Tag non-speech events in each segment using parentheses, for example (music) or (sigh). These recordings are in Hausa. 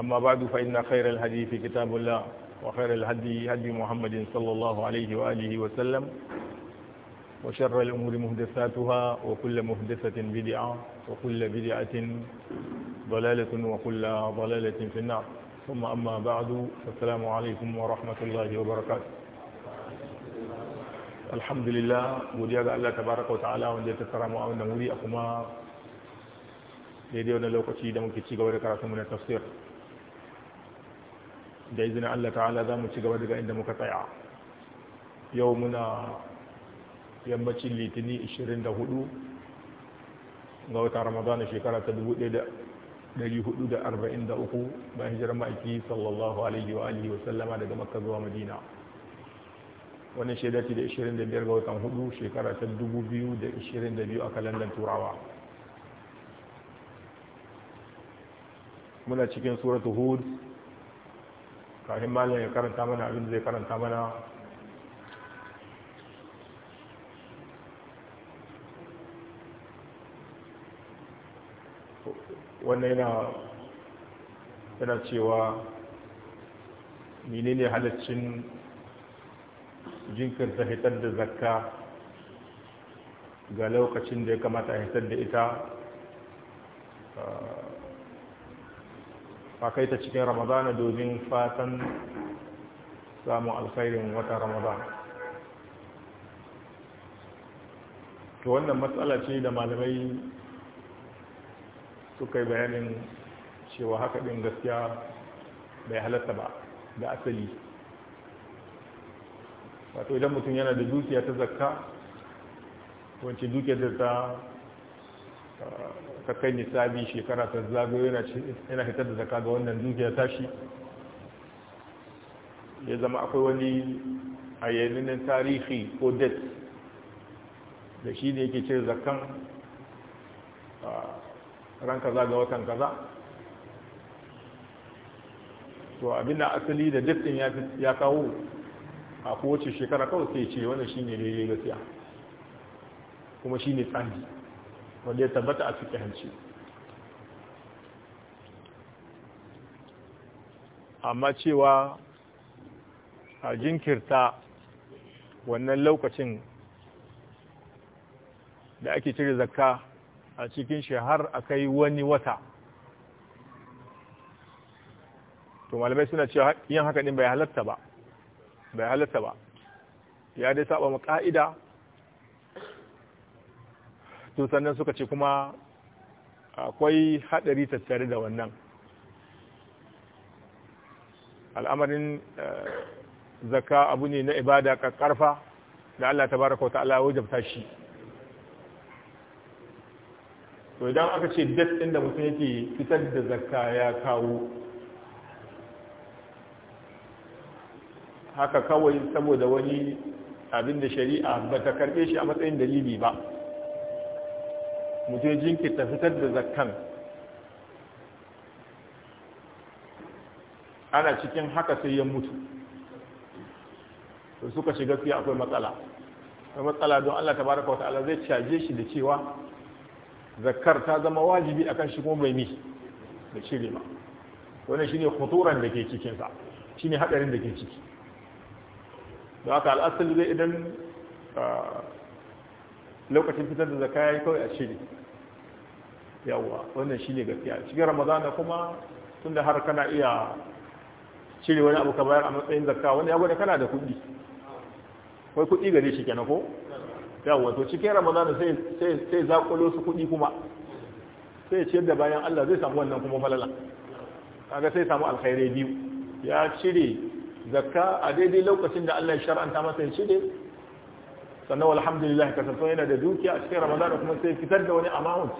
أما بعد فإن خير الهدي في كتاب الله وخير الهدي هدي محمد صلى الله عليه وآله وسلم وشر الأمور مهدثاتها وكل مهدثة بدعة وكل بدعة ضلالة وكل ضلالة في النار ثم أما بعد فالسلام عليكم ورحمة الله وبركاته الحمد لله godiya الله تبارك وتعالى wataala السلام ya tattara mu لو wannan وكتيدا a من التفسير da izinin Allah ta'ala za mu ci gaba daga inda muka tsaya yau muna yammacin litini 24 ga wata ramadana shekara ta 1443 bayan hijirar ma'aiki sallallahu alaihi wa alihi wasallama daga makka zuwa madina wannan shaida ce da 25 ga watan 4 shekara ta 2022 a kalandar turawa muna cikin suratu hud kafin malin ya karanta mana abin da zai karanta mana wannan yana yana cewa menene halaccin jinkirta hitar da zakka ga lokacin da ya kamata a hitar da ita a kai ta cikin ramadana domin fatan samun alfairin wata ramadana to wannan matsala ce da malamai suka yi bayanin cewa haka ɗin gaskiya bai halatta ba da asali wato idan mutum yana da dukiya ta zakka wancan dukiyar da ta ka kai nisabi shekara ta zagayo yana fitar da zaka ga wannan dukiya tashi ya zama akwai wani ayyannin tarihi ko det da shi ne yake cire zakan ran kaza ga watan kaza to abinda asali da det din ya kawo a kowace shekara kawai sai ce wannan shi ne gaskiya kuma shi ne tsanji wanda ya tabbata a hanci. amma cewa a jinkirta wannan lokacin da ake cire zakka a cikin shahar har akai wani wata to malamai suna cewa yin haka din bai halatta ba bai halatta ba ya dai saba ma ka'ida to sannan suka ce kuma akwai haɗari tattare da wannan al'amarin eh, zakka abu ne na ibada ƙarfa da Allah ta baraka wa ta'ala wajen shi to idan aka ce dat ɗin da mutum yake fitar da zakka ya kawo haka kawai saboda wani abin da shari'a ba ta karɓe shi a matsayin dalili ba mutum jinkirta fitar da zakkan ana cikin haka sai ya mutu to suka shiga fiye akwai matsala akwai matsala don Allah tabaraka wata'ala zai caje shi da cewa zakkar ta zama wajibi akan shi kuma mai mi da cire ma wannan shine khuturan da ke cikin sa shine hadarin da ke ciki don haka al'asali zai idan ah, lokacin fitar da zakka yi kawai a cire yawa wannan shi ne gaskiya cikin ramadana kuma tun da har kana iya cire wani abu ka bayar a matsayin zakka wani ya da kana da kuɗi kai kuɗi gare shi kenan ko yawa to cikin ramadana sai sai sai zakulo su kuɗi kuma sai ciyar da bayan Allah zai samu wannan kuma falala kaga sai samu alkhairai biyu ya cire zakka a daidai lokacin da Allah ya shar'anta masa ya cire sannan alhamdulillah kasanto yana da dukiya a cikin ramadana kuma sai fitar da wani amount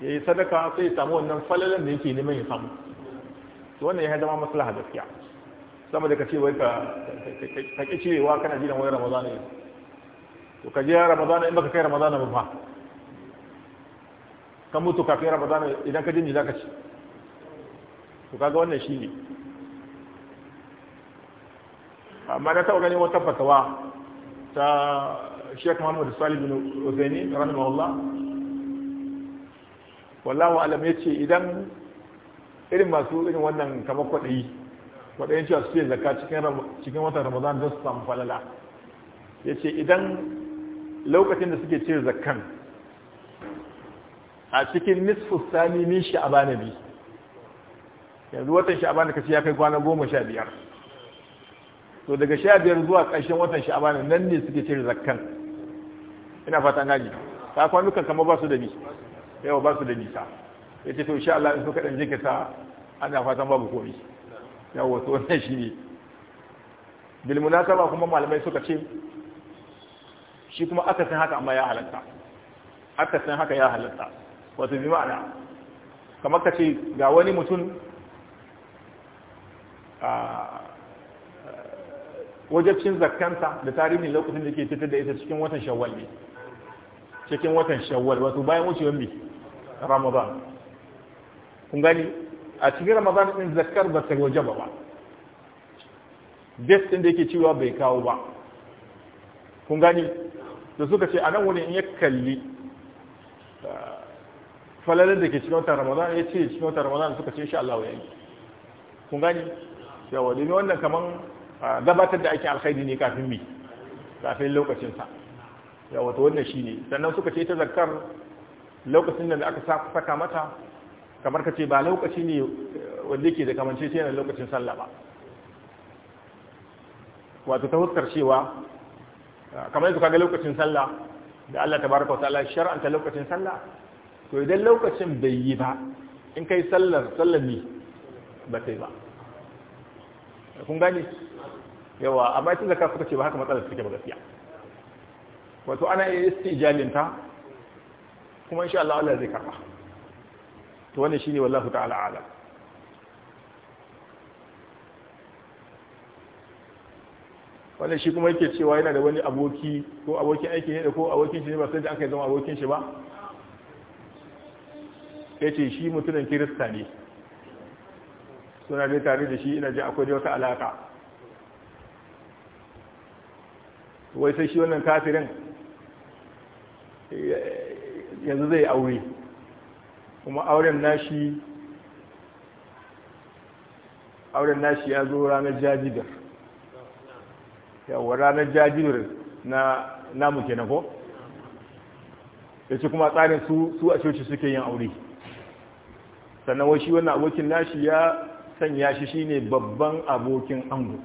ya yi sadaka sai ya samu wannan falalan da yake neman ya samu to wannan ya masu maslaha gaskiya sama da ka ce wai ka ƙi cewa kana jiran wani ramazana ne to ka jiya ramazana in baka kai ramazana ba fa ka mutu kafin ramazana idan ka ji za ka ci to kaga wannan shi ne amma na taɓa ganin wata fatawa ta shekaru muhammad salih bin ranar rahimahullah wallahu alam yace idan irin masu irin wannan kamar kwaɗayi kwaɗayin cewa su ce zaka cikin watan ramadan don su samu falala ya ce idan lokacin da suke cire zakkan a cikin nisfu sani min na bi yanzu watan sha'abana kace ya kai kwana goma sha biyar to daga sha biyar zuwa ƙarshen watan sha'abana nan ne suke cire zakkan ina fata gani ta kwanukan kama ba su da bi yau ba su da nisa ya ce to insha Allah in suka ɗan jinkirta ana fatan babu komi yawa wasu wannan shi ne ba kuma malamai suka ce shi kuma aka san haka amma ya halatta aka san haka ya halatta wato bi ma'ana kamar ka ce ga wani mutum a wajabcin zakkanta da tarihin lokacin da ke fitar da ita cikin watan shawwal ne cikin watan shawwal wato bayan wucewar mai ramadan kun gani a cikin ramadan din zakar ba ta wajaba ba date din da yake cewa bai kawo ba kun gani da suka ce a nan wani in ya kalli ah, falalin da ke cikin watan ramadan ya ce cikin watan ramadan suka ce insha Allah ya yi kun gani yawa domin wannan kaman ah, gabatar da ake alkhairi ne kafin mi kafin lokacinsa ya wato wannan ne sannan suka ce ta zakar lokacin da aka saka mata kamar ka ce ba lokaci ne eh, wanda ke da kamance shi yanar lokacin sallah ba wato ta huskar cewa eh, kamar yadda kaga lokacin sallah da Allah Ta wata allah shar'anta lokacin sallah to idan lokacin bai yi ba in kai sallar sallar ne ba sai ba kun gani yawa amma tun da ka suka ce ba haka matsalar suke ba gaskiya wato ana iya istijalinta kuma insha Allah Allah zai karba to wannan shine wallahi ta'ala ala wannan shi kuma yake cewa yana da wani aboki ko abokin aiki ne da ko abokin shi ne ba sai da aka zama abokin shi ba yace shi mutumin kirista ne suna dai tare da shi ina ji akwai da wata alaka wai sai shi wannan kafirin yanzu zai aure kuma auren nashi auren nashi ya zo ranar jajidar yawon ranar jajidar na namu ke ko ya ce kuma tsarin su a coci suke yin aure sannan wai shi wannan abokin nashi ya sanya shi shine babban abokin ango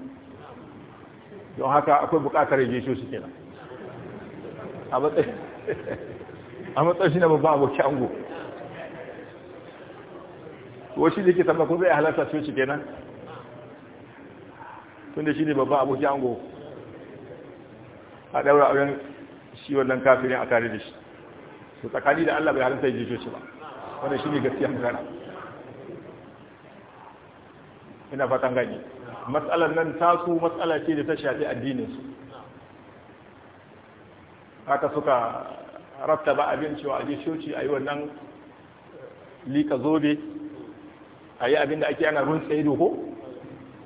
don haka akwai bukatar je coci nan a matsayin a matsayin shi na babban abokin ango wasu da ke tambaya kun zai halarta coci kenan tun da shi ne babban abokin ango a daura auren shi wannan kafirin a tare da shi su tsakani da allah bai halarta yi coci ba wanda shi ne gaskiya magana ina fatan gani matsalar nan tasu matsala ce da ta shafi addininsu haka suka rafta ba abin cewa a je a yi wannan eh, lika zobe a yi abin da ake ana run tsaye doko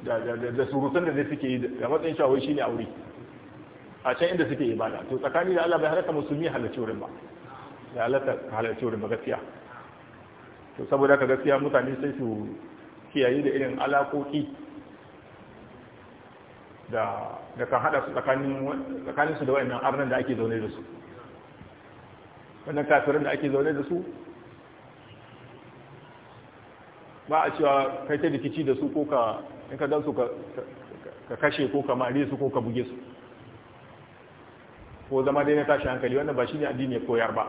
da surutun da zai suke yi da matsayin shawai shi ne aure a can inda suke bada to tsakani da Allah bai halatta musulmi halarci wurin ba ya halatta halarci wurin ba gaskiya to saboda ka gaskiya mutane sai su kiyaye da irin alakoki da da kan hada su tsakanin tsakanin su da wayannan arnan da ake zaune da su wannan kafirin da ake zaune da su ba a cewa kai ta rikici da su ko ka in ka dan su ka kashe ko ka mare su ko ka buge su ko zama dai na tashi hankali wannan ba shine addini ya koyar ba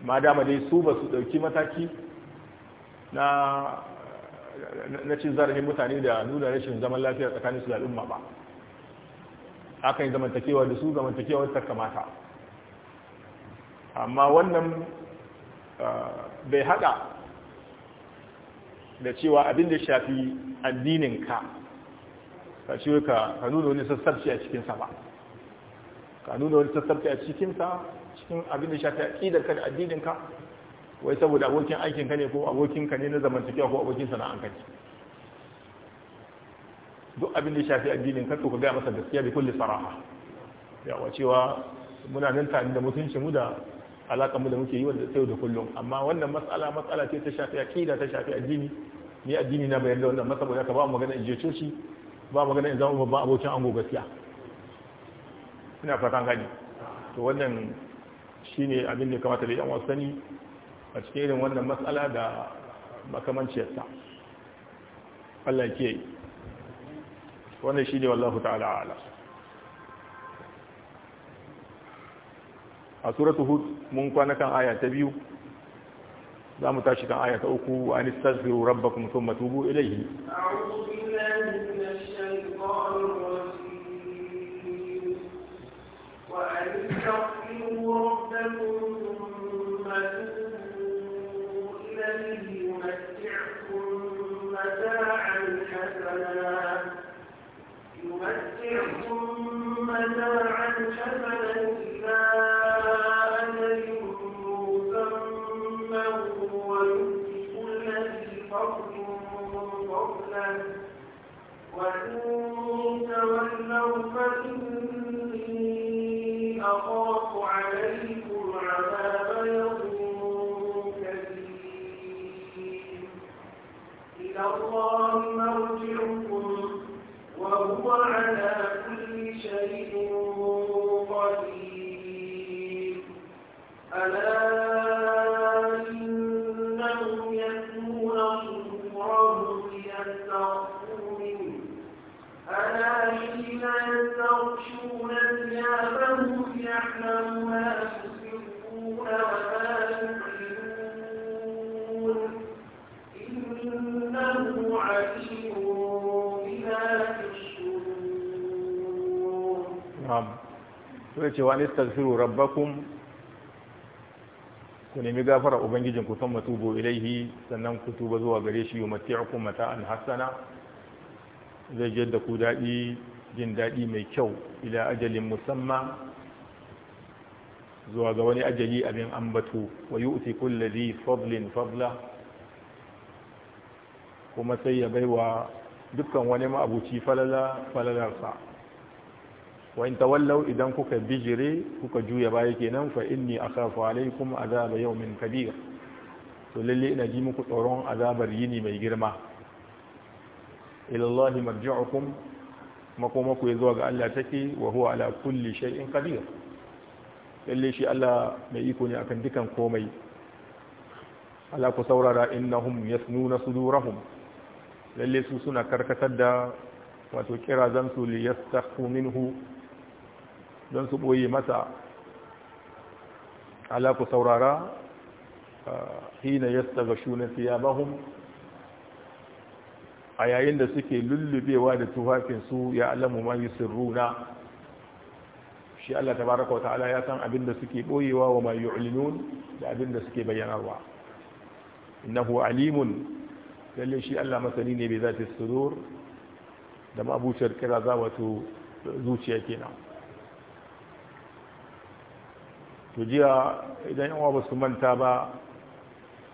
ma dama dai su ba su dauki mataki na na cin zarafin mutane da nuna rashin zaman lafiya tsakanin su da al'umma ba akan yi zamantakewa da su zamantakewa ta kamata amma wannan bai hada da cewa abin da shafi addinin ka ka ce ka nuna wani sassarci a cikinsa ba ka nuna wani sassarci a cikinsa cikin abin da shafi a ka da addinin ka wai saboda abokin aikin ka ne ko abokin ka ne na zamantakewa ko abokin sana'an ka ne duk abin da ya shafi addinin ka to ka gaya masa gaskiya bi kulli saraha wa cewa muna nan tare da mutunci mu da alaƙa mu da muke yi wanda sai da kullum amma wannan matsala matsala ce ta shafi aqida ta shafi addini ni addini na bayar da wannan masaboda ka ba magana in je coci ba magana in zama babban abokin ango gaskiya ina fatan gani to wannan shine abin da kamata da yan wasu sani a cikin irin wannan matsala da makamanciyarta Allah ke yi wannan shi ne wallahu ta'ala ala a suratu hud mun kwana kan aya ta biyu za mu tashi kan aya ta uku wa anistaghfiru rabbakum thumma tubu ilayhi a'udhu وإن sai ce wani nistaghfiru rabbakum ku nemi gafara ubangijin ku san tubu ilaihi sannan ku tuba zuwa gare shi yumati'ukum mata'an hasana zai jiyar ku daɗi jin daɗi mai kyau ila ajalin musamman zuwa ga wani ajali abin ambatu wa yu'ti kulli dhi fadlin fadla kuma sai ya baiwa dukkan wani ma'abuci falala falalarsa wa in tawallaw idan kuka bijire kuka juya baya kenan fa inni akhafu alaikum azaba yawmin kabir to lalle ina ji muku tsoron azabar yini mai girma ila Allah marji'ukum makoma ku yazo ga Allah take wa huwa ala kulli shay'in qadir lalle shi Allah mai iko ne akan dukan komai ala ku saurara innahum yasnuna sudurahum lalle su suna karkatar da wato kira zan su li yastakhfu minhu don su ɓoye masa ku saurara hina yasta ga shunan siyabahun a yayin da suke lullubewa da tufafinsu ya alamu ma sirruna shi Allah tabaraka wata'ala ya san abin da suke ɓoyewa wa mai yu'linun da abin da suke bayyanarwa innahu alimun lalle shi Allah masani ne bai zati sudur da mabuciyar kira za wato zuciya kenan to jiya idan yawa ba su manta ba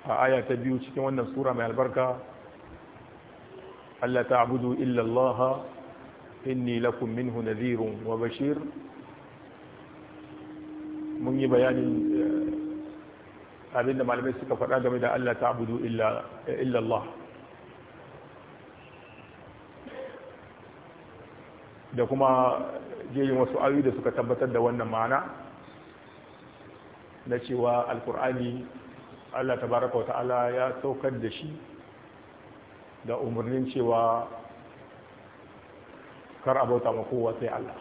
a aya ta biyu cikin wannan sura mai albarka Allah ta abudu illallaha inni lakum minhu nadhirun wa bashir mun yi bayanin eh, abinda malamai suka faɗa game da Allah ta abudu illallah da kuma jeyin wasu ayoyi da suka tabbatar da wannan ma'ana na cewa alkur'ani allah tabaraka wata'ala ya saukar da shi da umarnin cewa kar abauta ma kowa sai allah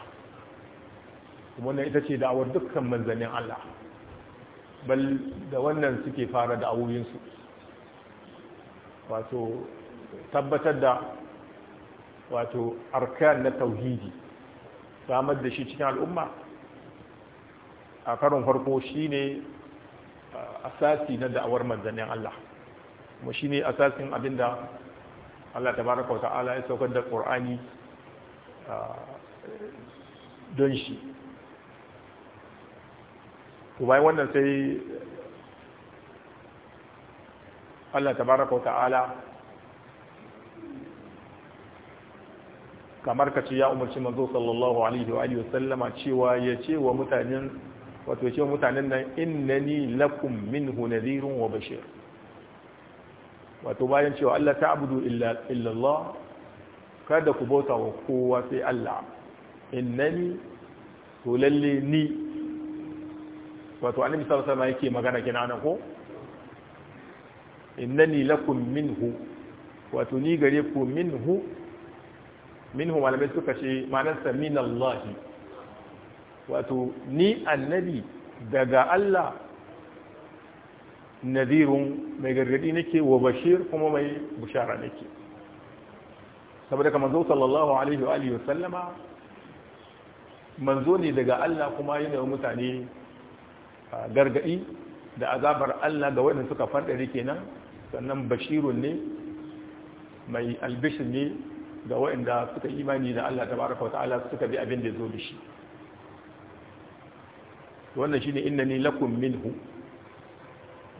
wannan ita ce da'awar dukkan manzannin allah bal da wannan suke fara da awuyinsu wato tabbatar da wato arkan na tauhidi samar da shi cikin al'umma a karon farko shi ne uh, asasi na da'awar manzannin Allah kuma shi ne asasin abinda Allah baraka wa ta'ala ya saukar da Qur'ani uh, don shi to bayan wannan sai Allah baraka wa ta'ala kamar ce ya umarci manzo sallallahu alaihi wa sallama cewa ya ce wa mutanen wato ce mutanen nan innani lakum minhu nadhirun wa bashir wato bayan cewa Allah ta'budu illa illa Allah kada ku bauta wa kowa sai Allah innani to lalle ni wato annabi sallallahu alaihi wasallam yake magana kina nan ko innani lakum minhu wato ni gare ku minhu minhu malamai suka ce ma'anarsa min Allah wato ni annabi daga Allah nadirun mai gargadi nake wa bashir kuma mai bushara nake saboda kamar zo sallallahu alaihi wa alihi wasallama manzo ne daga Allah kuma yana mutane gargadi da azabar Allah ga waɗanda suka faɗari kenan sannan bashirun ne mai albishir ne ga waɗanda suka imani da Allah tabaraka wa ta'ala suka bi abin da zo da shi wannan shine innani lakum minhu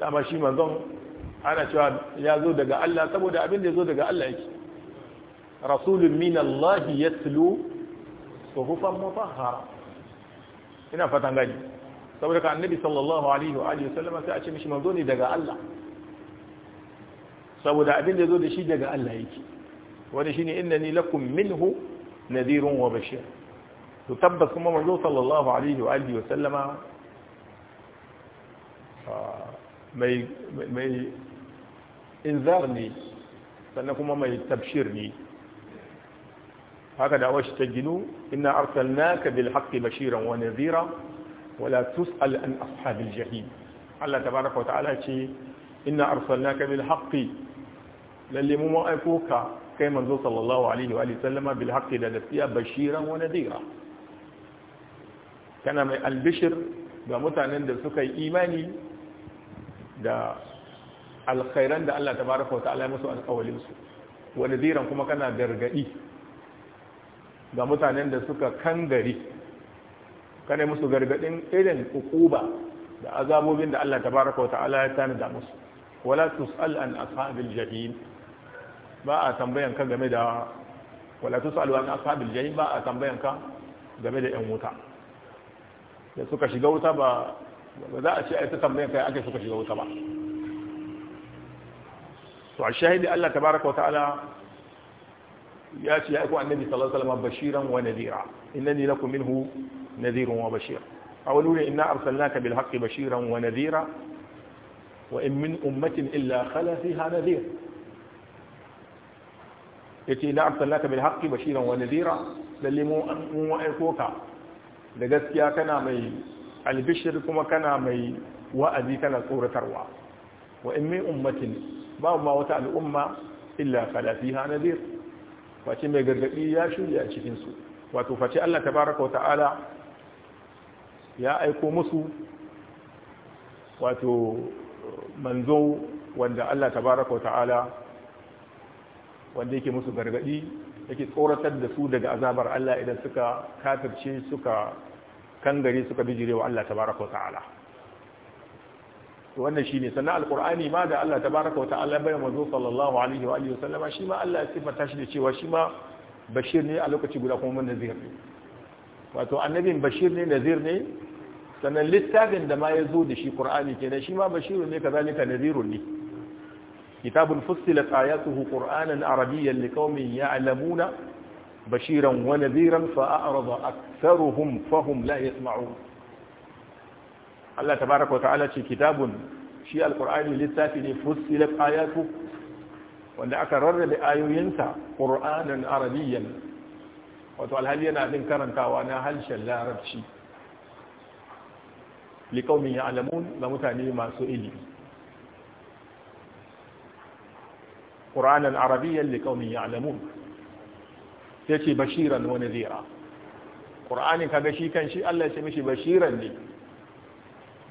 dama shi manzon ana cewa ya zo daga Allah saboda abin da ya zo daga Allah yake rasulun min Allah yatlu suhufan mutahhara ina fatan gani saboda ka annabi sallallahu alaihi wa alihi wasallam sai a ce mishi manzo ne daga Allah saboda abin da ya zo da shi daga Allah yake wani shine innani lakum minhu nadhirun wa bashir يثبت ثم مرضو صلى الله عليه وآله وسلم آه، ما انذارني فأنكم ما يتبشرني هكذا أوش تجنو إنا أرسلناك بالحق بشيرا ونذيرا ولا تسأل عن أصحاب الجحيم على تبارك وتعالى شيء إنا أرسلناك بالحق للي ممائكوك كيما نزو صلى الله عليه وآله وسلم بالحق لنسيا بشيرا ونذيرا kana mai albishir ga mutanen da suka yi imani da alkhairan da Allah tabaraka wa ta'ala ya musu alƙawalin su wa nadiran kuma kana gargaɗi ga mutanen da suka kangare kana musu gargaɗin irin ukuba da azabobin da Allah tabaraka wa ta'ala ya da musu wala tus'al an ashabil jahim ba a tambayan ka game da wala tus'al an ashabil jahim ba a tambayan ka game da yan wuta da suka shiga wuta ba ba za a ce ai ta tambayan kai aka suka shiga wuta ba to a shahidi Allah tabaraka ta'ala ya ce ya aiko annabi sallallahu alaihi wasallam bashiran wa nadira innani lakum minhu nadirun wa bashir awaluna inna arsalnaka bil haqqi bashiran wa nadira wa in min ummatin illa khala fiha nadir yace la arsalnaka bil haqqi bashiran wa nadira lalle mu an aiko ka da gaskiya kana mai albishir kuma kana mai wa'azi kana tsoratarwa wa in mai ummatin ba ma wata al'umma illa kada fiha nadir face mai gargadi ya shirya a cikin su wato face Allah tabaraka wa ta'ala ya aiko musu wato manzo wanda Allah tabaraka wa ta'ala wanda yake musu gargaɗi? yake tsoratar da su daga azabar Allah idan suka kafirce suka kangare suka bijire wa Allah tabaraka wa ta'ala to wannan shine sannan alqur'ani ma da Allah tabaraka wa ta'ala bayan manzo sallallahu alaihi wa alihi wasallama shi ma Allah ya sifata shi da cewa shi ma bashir ne a lokaci guda kuma nazir ne wato annabin bashir ne nazir ne sannan littafin da ma ya zo da shi qur'ani kenan shi ma Bashir ne kazalika nazirun ne كتاب فصلت آياته قرآنا عربيا لقوم يعلمون بشيرا ونذيرا فأعرض أكثرهم فهم لا يسمعون الله تبارك وتعالى في كتاب شيء القرآن للتاتي فصلت آياته وأن أكرر لآيو ينسى قرآنا عربيا وتقول هل ينعذن كرن كوانا هل شلا ربشي لقوم يعلمون لمتعني ما سئلي qur'anan arabiyyan liqaumin ya'lamun ya ce bashiran wa nadhira qur'ani kaga shi kan shi Allah ya ce mishi bashiran ne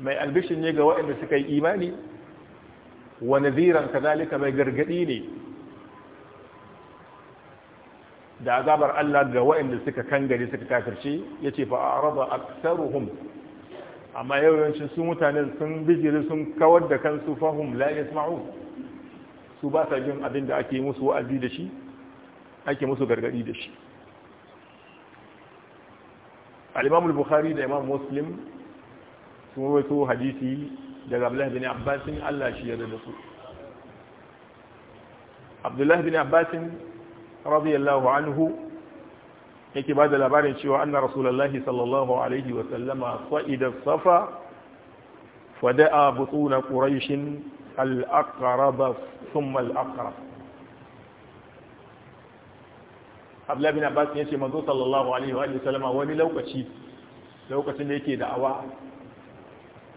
mai albishin ne ga waɗanda suka yi imani wa nadhiran kadalika mai gargaɗi ne da azabar Allah ga waɗanda suka kangare suka kafirce yace fa arada aktsaruhum amma yawancin su mutane sun bijiri sun kawar da kansu fahum la yasma'un su ba sa jin abin da ake musu wa'azi da shi ake musu gargadi da shi al-imam bukhari da imam muslim sun rawaito hadisi daga Abdullahi bin abbas Allah shi yarda da su Abdullahi bin abbas radiyallahu anhu yake ba da labarin cewa anna rasulallahi sallallahu alaihi wa sallama sa'ida safa fada'a butuna quraishin al'akaraba ثم mal'akara abdullahi abbas ya ce manzo sallallahu alaihi wa sallama wani lokaci lokacin da yake da'awa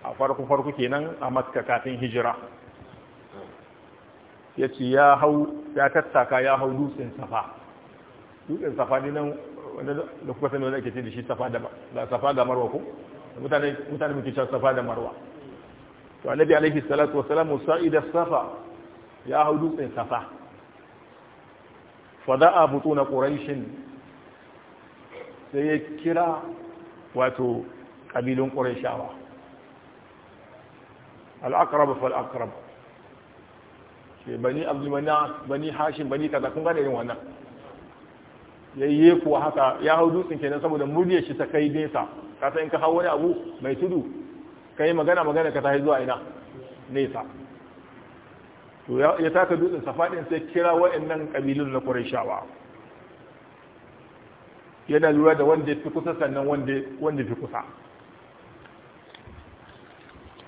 a farko farko kenan a makka kafin hijira ya ya hau ya tattaka ya hau dutsen safa dutsen safa ne nan wanda da kuka sani wanda ake ce da shi safa da marwa ko mutane muke safa da marwa to annabi alaihi salatu wasalamu sa'ida safa ya hau dutsen safa fada'a butuna quraishin sai ya kira wato kabilun quraishawa al-aqrab al aqrab shi bani abdul bani hashim bani kaza kun gane irin wannan yayye kuwa haka ya hau dutsen kenan saboda muryar shi ta kai nesa ka in ka hau wani abu mai tudu ka yi magana magana ka tashi zuwa ina nesa to ya taka dutsen safadin sai kira wa'annan ƙabilun na shawa. yana lura da wanda fi kusa sannan wanda fi kusa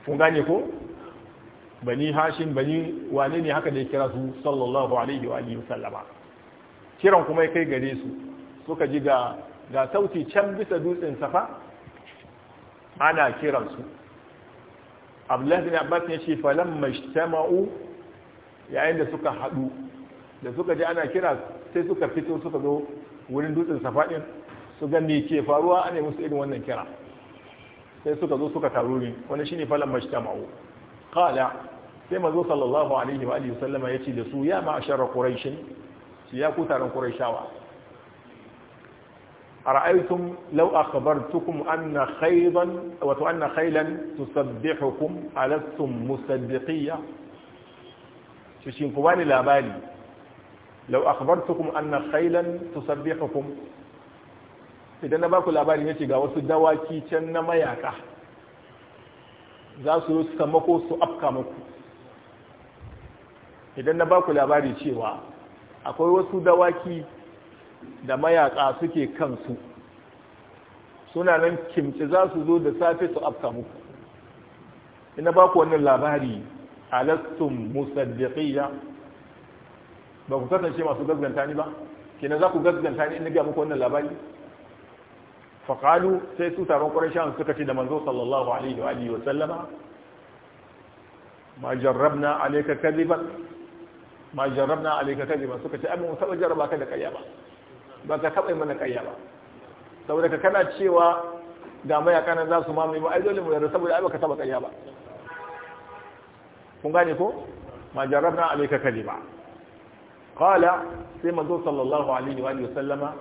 kun gane ko bani hashin bani wane ne haka da ya kira su sallallahu alaihi wa alihi sallama kiran kuma ya kai gare su suka ji ga ga sauti can bisa dutsen safa ana kiran su abdullahi bin abbas ya ce falan mashtama'u yayin da suka haɗu, da suka ji ana kira sai suka fito suka zo wurin dutsen safadin su ga ke faruwa nemi musu irin wannan kira sai suka zo suka taru ne wani shine falan mashtama'u kala sai mazo sallallahu alaihi wa'alihi wasallama ya ce da su ya ma'ashara kuraishin su ya ku taron kuraishawa ara'aytum law akhbartukum anna khaydan wa anna khaylan tusabbihukum alastum musaddiqiyya shin ku bani labari law akhbartukum anna khaylan tusabbihukum idan na baku labari ne ce ga wasu dawaki can na mayaka za su su samako su afka muku idan na baku labari cewa akwai wasu dawaki da mayaka suke kansu suna nan kimci za su zo da safe su afka muku ina ba ku wannan labari alastum musaddiqiya ba ku kasance masu gazganta ni ba Kina za ku gazganta ni in ga muku wannan labari faƙalu sai su taron ƙwarashen suka ce da manzo sallallahu alaihi wa sallama ma jarrabna alayka kadiban ma jarrabna alayka kadiban suka ce amin wasu jarraba ka da karya ba ba ka taɓa mana ƙarya ba saboda ka kana cewa ga mayaka nan za su mamaye ba ai dole mu yarda saboda ai baka taɓa ƙarya ba kun gane ko ma jarabna alayka kalima qala sai manzo sallallahu alaihi wa sallama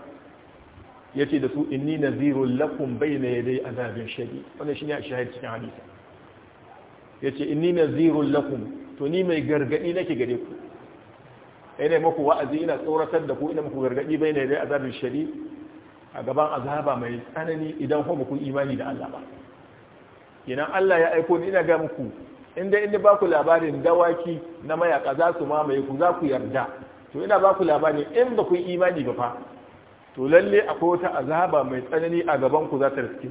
yace da su inni nazirul lakum bayna yaday azabin shadid wannan shine a shahid cikin hadisi yace inni nazirul lakum to ni mai gargadi nake gare ku ina muku wa'azi ina tsoratar da ku ina muku gargadi bai ne dai azabin shari a gaban azaba mai tsanani idan ku muku imani da Allah ba idan Allah ya aiko ni ina ga muku inda inda ba ku labarin dawaki na mayaka za su mamaye ku za ku yarda to ina ba ku labarin in ba ku imani ba fa to lalle akwai wata azaba mai tsanani a gaban ku za ta riske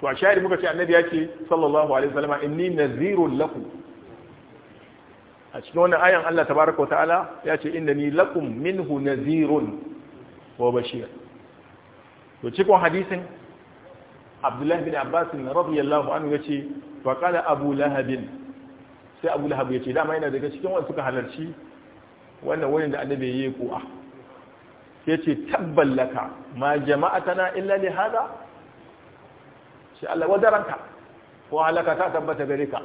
to a shahidi muka ce annabi ya ce sallallahu alaihi wasallam inni nazirun lakum a cikin wannan ayan Allah tabaraka ta'ala ya ce inda ni laƙun minhu nazirun wa bashir to cikin hadisin Abdullahi bin Abbas radiyallahu anhu ce, fa qala Abu Lahab sai Abu Lahab ce, dama yana daga cikin wani suka halarci wannan wani da Annabi yayi ku'a ce tabbalaka, ma jama'atana illa ne hada sai Allah wadaranka ko halaka ta tabbata gare ka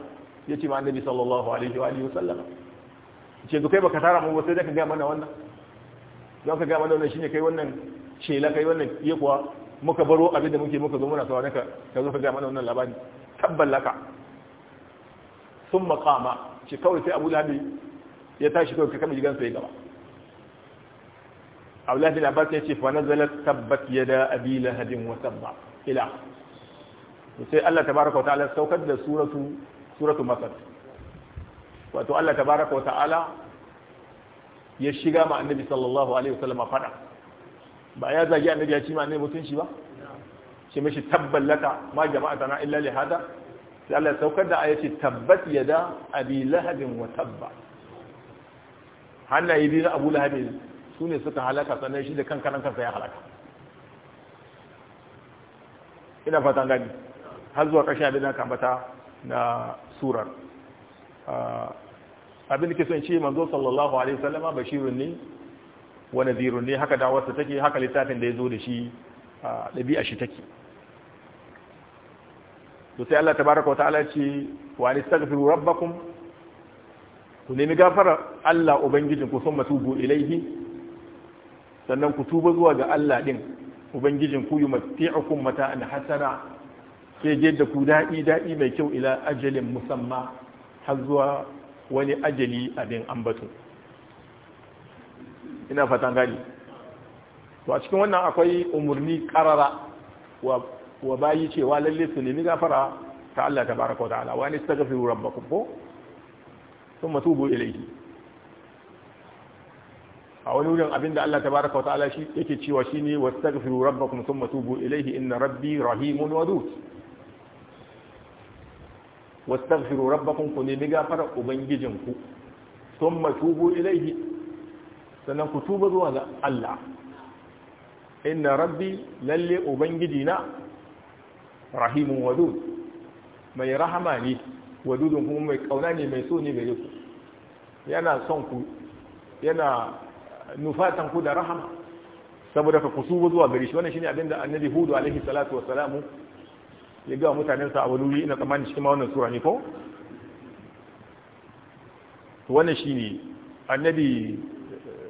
ya ce ma annabi sallallahu alaihi wa sallam ce to kai baka tara mu ba sai da ka ga mana wannan don ka ga mana wannan shine kai wannan shela kai wannan iya kuwa muka baro abin da muke muka zo muna sawa naka ka zo ka ga mana wannan labari tabban laka sun makama ce kawai sai abu labi ya tashi kawai ka kama jigansa ya gaba abu labi labar ya ce fa nazalat tabbat yada abi lahabin wa tabba ila sai Allah tabaraka wa ta'ala saukar da suratu suratu masar wato Allah tabaraka wa ta'ala ya shiga ma annabi sallallahu alaihi wasallam fada ba ya zagi annabi ya ci ma annabi mutunci ba ce mishi tabballaka ma jama'ata na illa li hada sai Allah ya saukar da ayati tabbat yada abi lahabin wa tabba hannaye biyu na abu lahabi su ne suka halaka sannan shi da kan karan kansa ya halaka ina fatan gani har zuwa ƙarshen abin da ka ambata na surar abin da ke son ce manzo sallallahu alaihi wasallama bashirun ne wa nadhirun ne haka da wasu take haka littafin da ya zo da shi dabi'a shi take to sai Allah tabaaraka ta'ala ce wa astaghfiru rabbakum ku nemi gafara Allah ubangijin ku summa tubu ilaihi sannan ku tuba zuwa ga Allah din ubangijin ku yumatti'ukum mata'an hasana sai je da ku daɗi daɗi mai kyau ila ajalin musamma har zuwa wani ajali abin ambato ina fatan gani to a cikin wannan akwai umarni karara wa bayi cewa lalle su nemi gafara ta Allah baraka wa ta'ala Wani wa nastaghfiru rabbakum ko thumma tubu ilaihi a wani wurin abinda Allah tabaraka wa ta'ala shi yake cewa shine wastaghfiru rabbakum sun tubu ilaihi inna rabbi rahimun wadud wastaghfiru rabbakum ku nemi gafarar ubangijinku thumma tubu ilayhi sannan ku tuba zuwa Allah inna rabbi lalle ubangijina mai rahama ne wadudun kuma mai kauna ne mai so ne gare ku yana son ku yana nufatan ku da rahama saboda ka tuba zuwa gare shi wannan shine abinda annabi hudu alaihi salatu salamu. ya ga mutanen sa a wani wuri ina tsammani cikin ma wannan sura ne ko wannan shine annabi eh,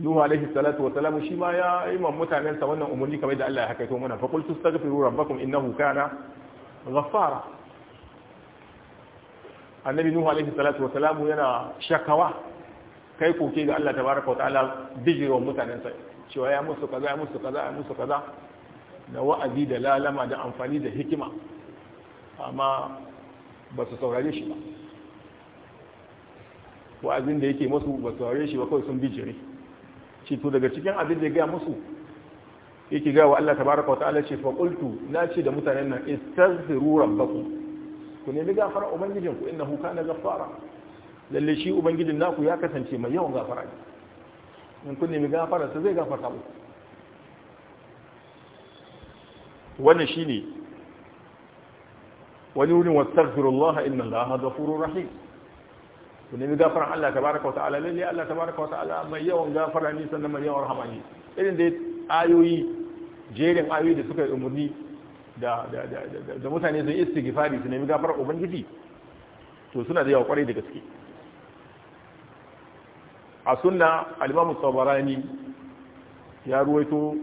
Nuhu alaihi salatu wa salam shi ma ya yi mutanen sa wannan umarni kamar da Allah ya hakaito mana fa qul tastaghfiru rabbakum innahu kana ghaffara annabi Nuhu alaihi salatu wa salam yana shakawa kai koke ga Allah tabaraka wa ta'ala bijiro mutanen sa cewa ya musu kaza ya musu kaza ya musu kaza da wa'azi da lalama da amfani da hikima amma ba su saurare shi ba wa'azin da yake masu ba su saurare shi ba kawai sun bijire ce to daga cikin abin da ya gaya musu yake gaya wa Allah tabaraka wata ala ce fa na ce da mutanen nan istaghfiru rabbakum ku nemi gafara ubangijin ku huka na zafara, lalle shi ubangijin naku ya kasance mai yawan gafara in kun nemi gafara sai zai gafarta muku wannan shine wani wurin wastaghfirullah inna da furu rahim ku nemi gafara Allah tabaraka wa ta'ala lalle Allah tabaraka wa ta'ala mai yawan gafara ne sannan mai yawan rahama ne irin da ayoyi jerin ayoyi da suka yi umarni da da mutane sun istighfari su nemi gafarar ubangiji to suna da yawa kwarai da gaske a sunna al-imam tabarani ya ruwaito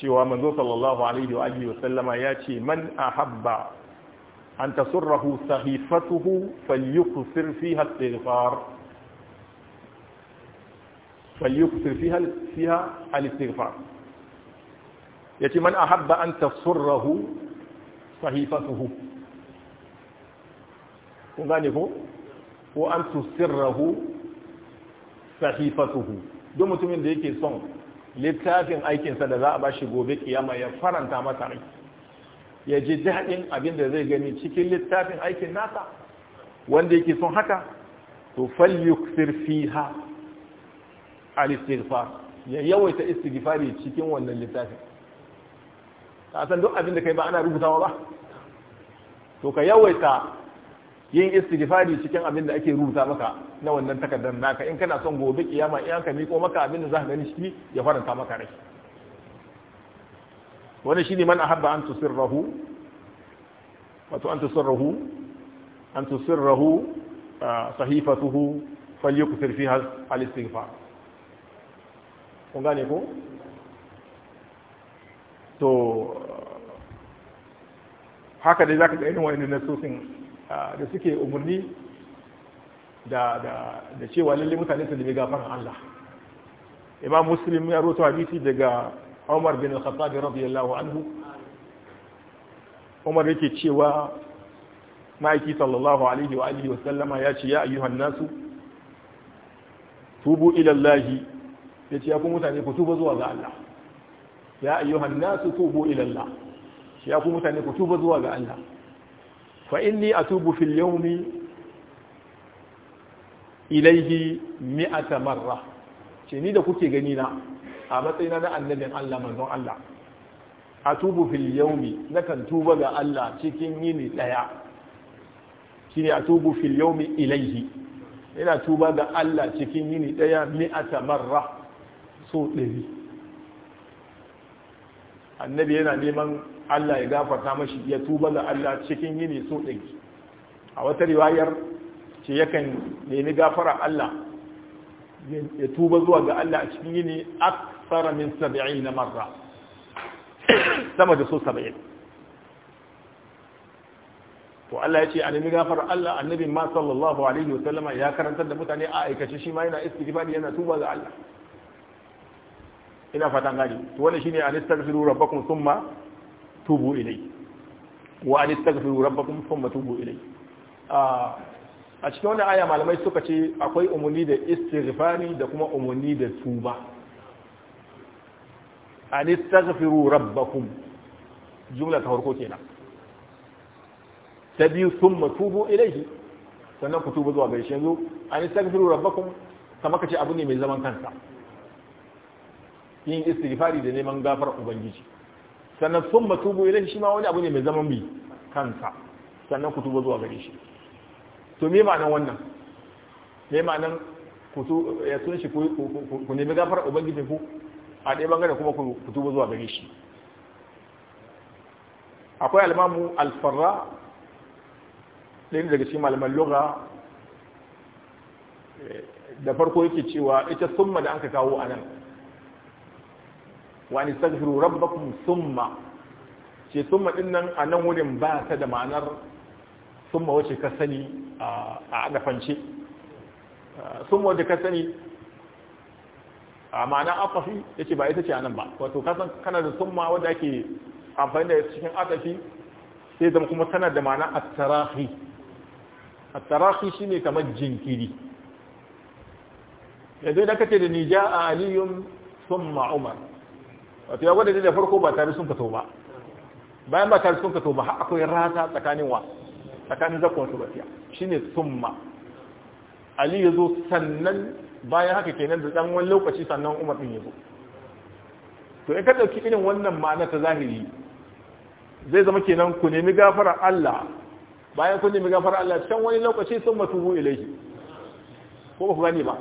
cewa manzo sallallahu alaihi wa alihi wasallama ya ce man ahabba an tasurrahu sahifatuhu falyuksir fiha istighfar falyuksir fiha fiha al-istighfar yace man ahabba an tasurrahu sahifatuhu kun gane ko ko an tusirrahu sahifatuhu don mutumin da yake son littafin aikinsa da za a bashi gobe kiyama ya faranta masa rai ya ji daɗin abin da zai gani cikin littafin aikin nasa wanda yake son haka to falyuksir fiha al-istighfar ya yawaita istighfari cikin wannan littafin ka san duk abin da kai ba ana rubutawa ba to ka yawaita yin istighfari cikin abin da ake rubuta maka na wannan takardar naka in kana son gobe kiyama in aka miko maka abin da za ka gani shi ya faranta maka rai wani shine man ahabba an tusirrahu wato an tusirrahu an tusirrahu ah, sahifatuhu falyukthir fiha al-istighfar kun gane ko to haka dai zaka ga irin wa'annan nasosin da suke umarni da cewa lalle mutane su nemi gafaran Allah imam muslim ya roto hadisi daga Umar bin Al-Khattab radiyallahu anhu Umar yake cewa ma'aiki sallallahu alaihi wa alihi wa sallama ya ce ya ayyuhan nasu tubu ila Allah ya ce ya ku mutane ku tuba zuwa ga Allah ya ayyuhan nasu tubu ila Allah ya ku mutane ku tuba zuwa ga Allah fa inni atubu fil yawmi ilaihi mi'ata marra ce ni da kuke gani na a matsayina na annabin Allah manzon Allah atubu fil yawmi nakan tuba ga Allah cikin yini daya shine atubu fil yawmi ilaihi ina tuba ga Allah cikin yini daya mi'ata marra so dari annabi yana neman Allah ya gafarta mashi ya tuba ga Allah cikin yini so din a wata riwayar ce yakan nemi gafara Allah ya tuba zuwa ga Allah a cikin yini akthar min 70 na marra (coughs) sama da so 70 to Allah ya ce a nemi gafara Allah annabi ma sallallahu alaihi wasallam ya karantar da mutane a aikace shi ma yana istighfari yana tuba ga Allah ina fatan gani to wannan shine anistaghfiru rabbakum thumma tubu ilai wa an istaghfiru rabbakum thumma tubu ilai a cikin wannan aya malamai suka ce akwai umuni da istighfari da kuma umuni da tuba an istaghfiru rabbakum jumla ta farko kenan ta biyu thumma tubu ilaihi sannan ku tuba zuwa ga shi yanzu an istaghfiru rabbakum kamar kace abu ne mai zaman kansa yin istighfari da neman gafar ubangiji sannan sun matubu ilai shi ma wani abu ne mai zaman bi kansa sannan ku tuba zuwa gare shi to me ma'anan wannan me ma'anan ku ya sun shi ku nemi gafarar ubangijin ku a ɗaya bangare kuma ku tuba zuwa gare shi akwai almamu alfarra ɗin daga cikin malaman loga eh, da farko yake cewa ita summa da an ka kawo a nan wa ni astaghfiru rabbakum thumma ce thumma din nan a nan wurin ba ta da ma'anar thumma wace ka sani a adafance thumma wace ka sani a ma'ana afafi yace ba ita ce anan ba wato ka san kana da thumma wanda ake amfani da cikin afafi sai zama kuma tana da ma'ana at-tarahi at-tarahi shine kamar jinkiri yanzu da kace da a aliyum thumma umar wato ya gwada da farko ba tare sun fito ba bayan ba tare sun fito ba akwai rata tsakanin wa tsakanin zakon su basiya shine summa ali ya zo sannan bayan haka kenan da dan wani lokaci sannan umar din ya zo to in ka dauki irin wannan ma'ana ta zahiri zai zama kenan ku nemi gafarar Allah bayan kun nemi gafarar Allah can wani lokaci sun matubu ilaihi ko ba ku gani ba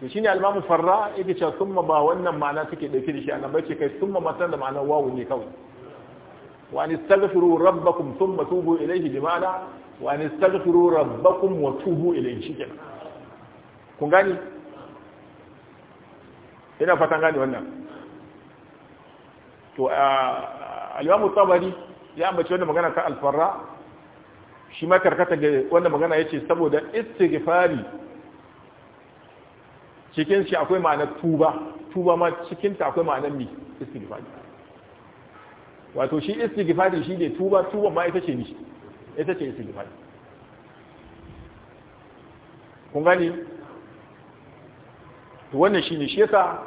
to shine al-imamu farra yake cewa summa ba wannan ma'ana suke dauke da shi a annabi ce kai summa matan da ma'anar wawu ne kawai wa an istaghfiru rabbakum thumma tubu ilayhi bi ma'ana wa an istaghfiru rabbakum wa tubu ilayhi shikenan kun gani ina fatan gani wannan to al-imamu tabari ya ambaci wannan magana ta al-farra shi ma karkata ga wannan magana yace saboda istighfari cikin shi akwai ma'anar tuba tuba ma cikin ta akwai ma'anar mi istighfar wato shi istighfar shi ne tuba tuba ma ita ce ni ita ce istighfar kun gani to wannan shi ne shi yasa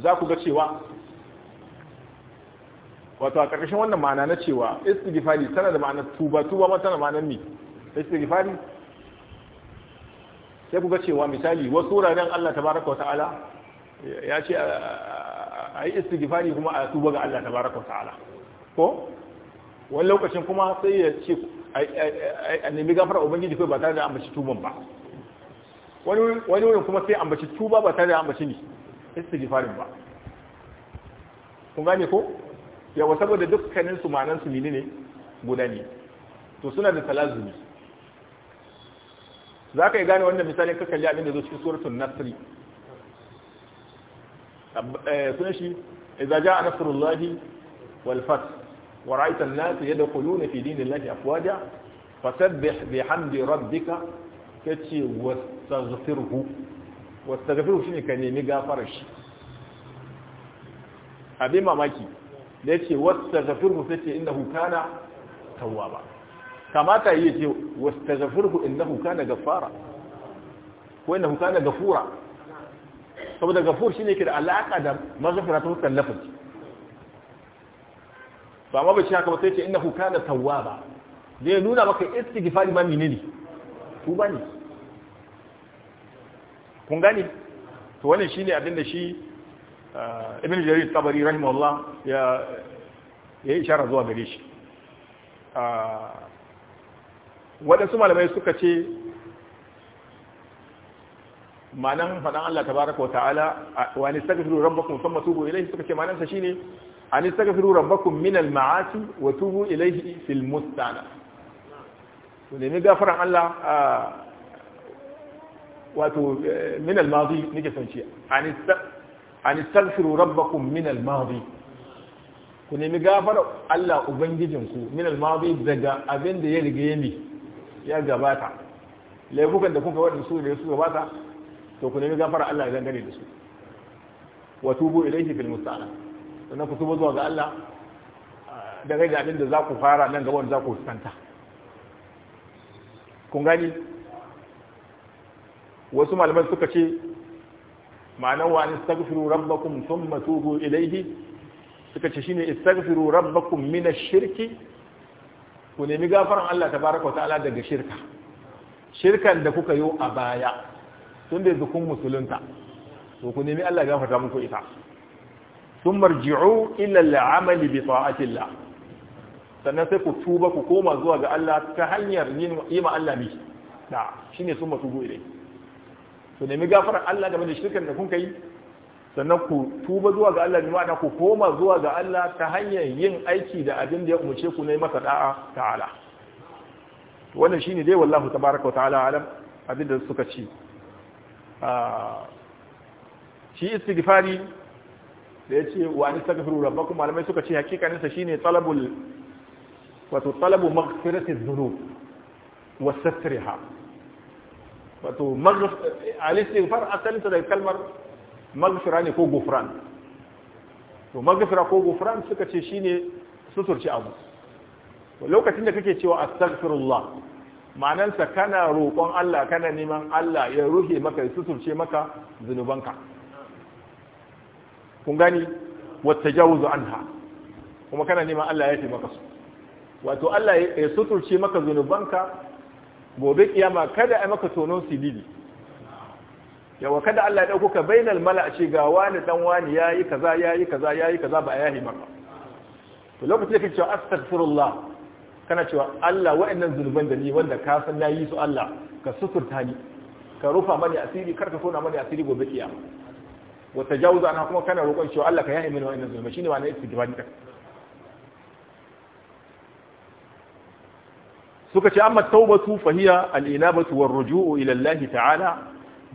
za ku ga cewa wato a ƙarƙashin wannan ma'ana na cewa istighfar tana da ma'anar tuba tuba ma tana da ma'anar mi istighfar sai ku ga cewa misali wasu wuraren Allah tabaraka wata'ala ya ce a yi istighfari kuma a tuba ga Allah tabaraka wata'ala ko wani lokacin kuma sai ya ce a nemi gafara ubangiji kai ba tare da ambaci tuban ba wani wurin kuma sai ambaci tuba ba tare da ambaci ne istighfarin ba kun gane ko yawa saboda dukkanin su manan su ne guda ne to suna da talazumi za ka yi gane wannan misalin ka kalli abin da zo cikin suratul nasri eh, sunan shi idza jaa nasrullahi wal fath wa ra'aita an-nasa na fi dinillahi afwaja fasabbih bihamdi rabbika kace wastaghfirhu wastaghfirhu shine ka nemi gafarar shi abin mamaki da yace wastaghfirhu sai ce innahu kana tawwaba kamata yi ce wastaghfirhu huka na gafara? ko innahu kana ghafura saboda shi ne ke da alaƙa da maghfira ta hukkan lafazi to amma bai haka ba huka na innahu ba. Da zai nuna maka istighfari ma menene ba ne kun gane to wani shi ne eh, abinda shi ibn jarir tabari Allah, ya yi ishara zuwa gare shi ah, waɗansu malamai suka ce manan faɗan Allah tabaraka wa ta'ala wa ni astaghfiru rabbakum thumma tubu ilayhi suka ce manan sa shine an astaghfiru rabbakum min al ma'asi wa tubu ilayhi fil mustana to ne gafaran Allah wato e, min al madi nake son ce an astaghfiru rabbakum min al madi ku nemi gafara Allah ubangijinku min al madi daga abin da ya riga ya ne ya gabata laifukan da kuka waɗansu ne su gabata to ku nemi gafara Allah ya dangane da su wa tubu ilayhi fil musta'ala sannan ku tuba zuwa ga Allah dangane da abin da za ku fara nan gaban za ku fuskanta kun gani wasu malaman suka ce ma'anar wa astaghfiru rabbakum thumma tubu ilayhi suka ce shine istaghfiru rabbakum min ash-shirki ku nemi gafaran Allah tabaraka ta'ala daga shirka shirkan da kuka yi a baya tun da kun musulunta to ku nemi Allah gafarta muku ita sun marji'u illa la'amali bi ta'atillah sannan sai ku tuba ku koma zuwa ga Allah ta hanyar yi ma Allah ne da shine sun matubu ilai to nemi gafaran Allah game da shirkan da kun kai sannan ku tuba zuwa ga Allah ma'ana ku koma zuwa ga Allah ta hanyar yin aiki da abin da ya umarce ku ne masa da'a ta'ala wannan shine dai wallahi tabaaraka wa ta'ala alam abin da suka ci ah, shi istighfari da yace wa an astaghfiru rabbakum malamai suka ce hakikanin sa shine talabul wato talabu maghfirati dhunub wa satriha wato maghfir al-istighfar asalin da kalmar magfira ne ko gufran to magfira ko gufran suka ce shine suturci abu lokacin da kake cewa astaghfirullah ma'anansa kana roƙon Allah kana neman Allah ya ruhe maka ya suturce maka zunubanka kun gani wata jawuzu anha kuma kana neman Allah ya fi maka su wato Allah ya suturce maka zunubanka gobe kiyama kada a maka tonon sididi. yawa kada Allah ya dauko ka bainal mala'a ce ga wani dan wani yayi kaza yayi kaza yayi kaza ba yayi ba to lokacin da kake cewa astaghfirullah kana cewa Allah wa'annan zunuban da ni wanda ka san nayi su Allah ka suturta ni ka rufa mani asiri kar ka tona mani asiri gobe kiyama wa tajawuza ana kuma kana roƙon cewa Allah ka yaye mini wa'annan zunubai shine wani istighfar ka suka ce amma tawbatu fahiya al-inabatu war-ruju'u ila Allah ta'ala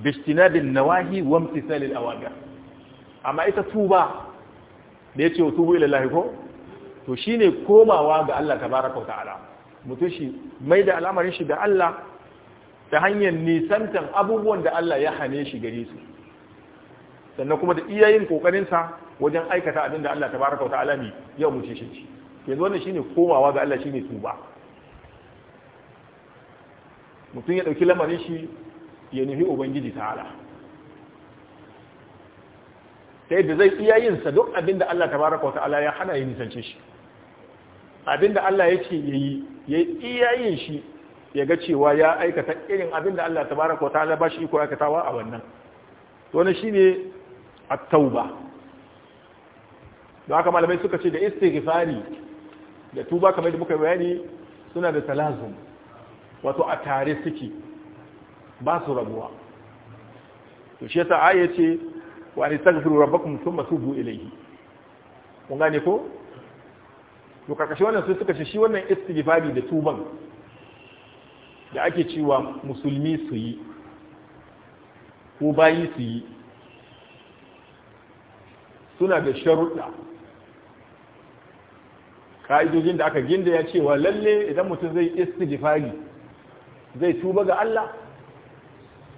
bistinabin nawahi wa imtisalil awamir amma ita tuba da yace tubu ila Allah ko to shine komawa ga Allah tabaaraka wa ta'ala mutum mai da al'amarin shi ga Allah ta hanyar nisantan abubuwan da Allah ya hane shi gare su sannan kuma da iyayen kokarin sa wajen aikata abin da Allah tabaaraka wa ta'ala ne ya umurce shi yanzu wannan shine komawa ga Allah shine tuba mutum ya dauki lamarin shi ya nufi ubangiji ta'ala ta yadda zai iya yin sa duk abinda Allah ta wata ala ya hana ya nisance shi abinda Allah ya ce yayi ya iya yin shi ya ga cewa ya aikata irin abinda Allah ta wata ala ba shi iko aikatawa a wannan to ne a tauba da haka malamai suka ce da istighfari da tuba kamar da muka bayani suna da talazum wato a tare suke ba su rabuwa to shi yasa aya ce wa ni tagfiru rabbakum thumma tubu ilayhi mun gane ko to karkashin wannan sai suka ce shi wannan istighfari da tuban da ake cewa musulmi su yi ko bayi su yi suna da sharuɗa ka'idojin da aka ginda ya cewa lalle idan mutum zai istighfari zai tuba ga Allah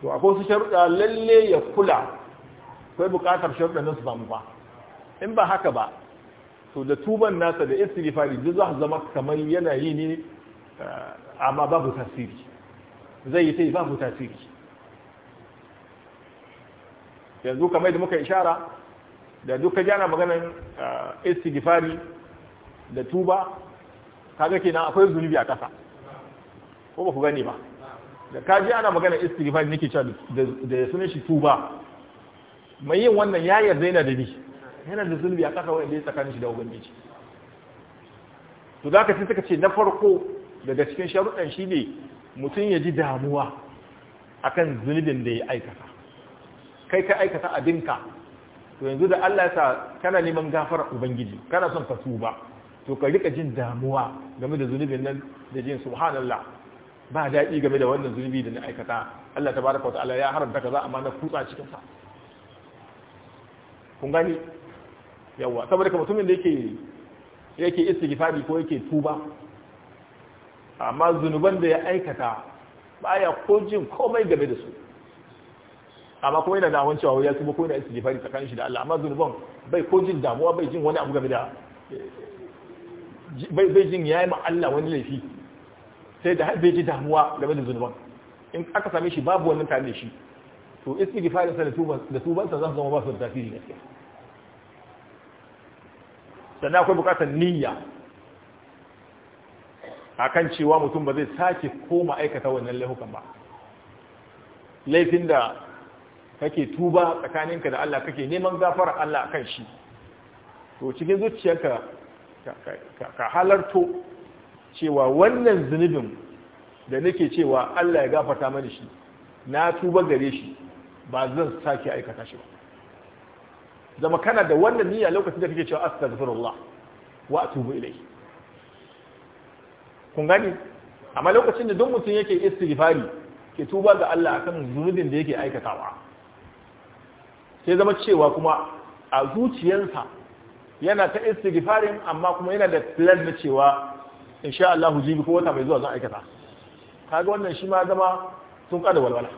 to akwai su sharuɗa lalle ya kula kai buƙatar sharuɗa nan su samu ba in ba haka ba to da tuban nasa da istighfari duk za zama kamar yana yi ne eh, amma babu tasiri zai yi sai babu tasiri yanzu kamar da muka ishara da duka jana maganar eh, istighfari da tuba kaga kenan akwai zunubi a ƙasa ko ba ku gani ba da ji ana magana istighfar nake cewa da ya sunan shi tuba mai yin wannan ya yarda yana da ni yana da zunubi a kasa wanda ya tsakanin shi da ubangiji to ka ce suka ce na farko daga cikin sharuɗan shi ne mutum ya ji damuwa akan zunubin da ya aikata kai ka aikata abinka to yanzu da Allah ya sa kana neman gafara ubangiji kana son ka tuba to ka rika jin damuwa game da zunubin nan da jin subhanallah ba daɗi game da wannan zunubi da na aikata Allah ta baraka wata ala ya haramta kaza amma na kutsa cikin sa kun gani yawa saboda ka mutumin da yake yake istighfari ko yake tuba amma zunuban da ya aikata baya ko jin komai game da su amma kuma yana damuwa cewa ya tuba ko yana istighfari tsakanin shi da Allah amma zunuban bai ko jin damuwa bai jin wani abu game da bai jin yayi ma Allah wani laifi sai da har bai ji damuwa game da zunuban in aka same shi babu wannan tare da shi to iski sa da tuban da tuban sa za su zama ba su da tasiri gaske sannan akwai bukatar niyya a kan cewa mutum ba zai sake koma aikata wannan laifukan ba laifin da kake tuba tsakaninka da Allah kake neman gafara Allah akan shi to cikin zuciyarka ka halarto cewa wannan zunubin da nake cewa Allah ya gafata mani shi na tuba gare shi ba zan sake aikata shi ba zama kana da wannan niyya lokacin da kake cewa astaghfirullah wa atubu ilayhi kun gani amma lokacin da duk mutum yake istighfari ke tuba ga Allah akan zunubin da yake aikatawa sai zama cewa kuma a zuciyarsa yana ta istighfarin amma kuma yana da plan na cewa In sha Allah jibi ko wata mai zuwa zan aikata kaga wannan shi ma zama sun kada walwala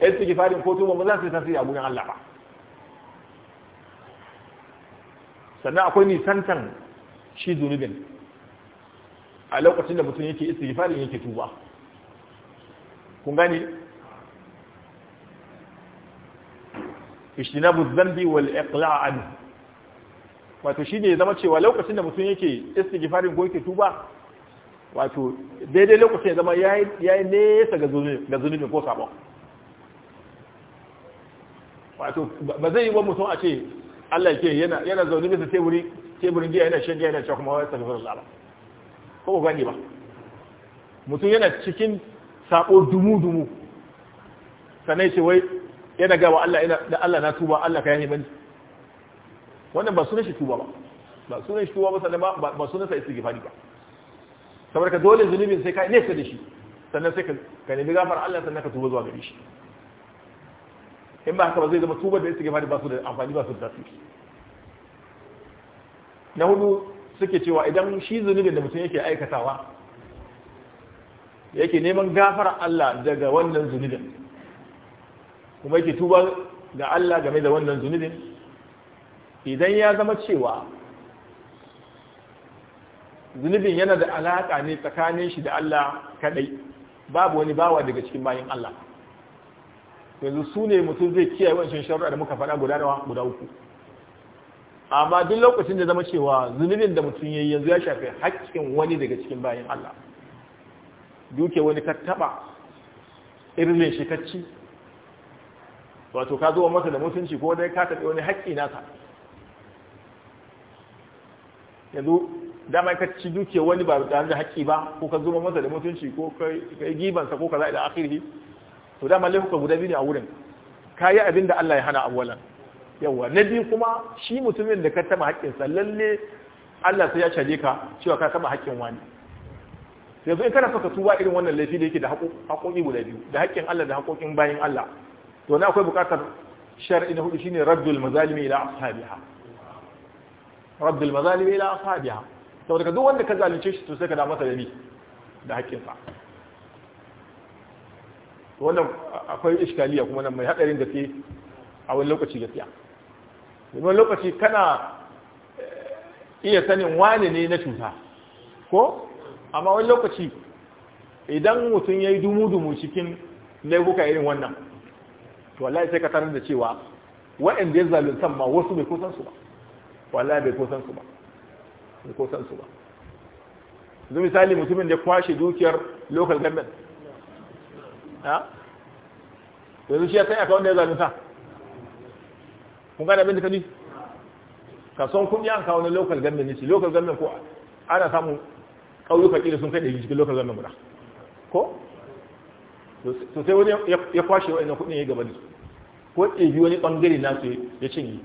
ai su ki farin kotu ba za su tasiri a gurin Allah ba sannan akwai nisantan shi zunubin a lokacin da mutum yake istighfarin yake tuba kun gane ishtinabu dhanbi wal iqla'an wato shi ya zama cewa lokacin da mutum yake istigifarin ko yake tuba wato daidai lokacin ya zama ya yi nesa ga zunubin ko sabon wato ba zai yi wa mutum a ce Allah ke yana zaune bisa teburin giya yana shan giya yana cewa kuma wai safar zaba ko ba gani ba mutum yana cikin sabo dumu dumu sanai ce wai yana gawa Allah na tuba Allah ka yi mani wannan ba sunan shi tuba ba ba sunan shi tuba ba sannan ba sunan sa istighfari ba saboda ka dole zunubin sai ka nesa da shi sannan sai ka nemi gafar Allah sannan ka tuba zuwa gare shi in ba haka ba zai zama tubar da istighfari ba su da amfani ba su da tasiri na hudu suke cewa idan shi zunubin da mutum yake aikatawa yake neman gafar Allah daga wannan zunubin kuma yake tuba ga Allah game da wannan zunubin idan ya zama cewa zunubin yana da alaƙa ne tsakanin shi da Allah kaɗai babu wani bawa daga cikin bayan Allah yanzu su ne mutum zai kiyaye wancan sharuɗa da muka faɗa guda guda uku amma duk lokacin da zama cewa zunubin da mutum yayi yanzu ya shafi haƙƙin wani daga cikin bayan Allah duke wani ka irin shi kacci wato ka zo masa da mutunci ko dai ka taɓa wani haƙƙi nasa yanzu dama ka ci duke wani ba tare da haƙƙi ba ko ka zuma masa da mutunci ko ka yi gibansa ko ka za ila akhirhi to dama laifuka guda biyu ne a wurin ka yi abin da Allah ya hana awwalan yawa na biyu kuma shi mutumin da ka taba haƙƙinsa lalle Allah sai ya caje ka cewa ka taba haƙƙin wani yanzu in kana so ka tuba irin wannan laifi da yake da haƙoƙi guda biyu da haƙƙin Allah da haƙoƙin bayin Allah to na akwai buƙatar shar'i na hudu shine raddul mazalimi ila ashabiha rabbil mazalim ila to saboda duk wanda ka zalunce shi to sai ka da masa da ni da haƙƙinsa wannan akwai iskaliya kuma nan mai da ke a wani lokaci gaskiya wani lokaci kana eh, iya sanin wani ne na cuta ko amma wani lokaci idan mutum ya yi dumu-dumu cikin laifuka irin wannan to wallahi sai ka tarar da cewa waɗanda ya zalunta ma wasu bai kusan su ba wallahi bai kosan su ba bai kosan su ba yanzu misali mutumin da kwashe dukiyar local government ha yanzu shi ya kai akawun da ya zalunta kun gane abin da ka ji ka son kun yan kawo na local government ne shi local government ko ana samun ƙauyuka ƙila sun kai da cikin local government guda ko to sai wani ya kwashe wa'annan kuɗin ya gaba da su ko ɗebi wani ɓangare nasu ya cinye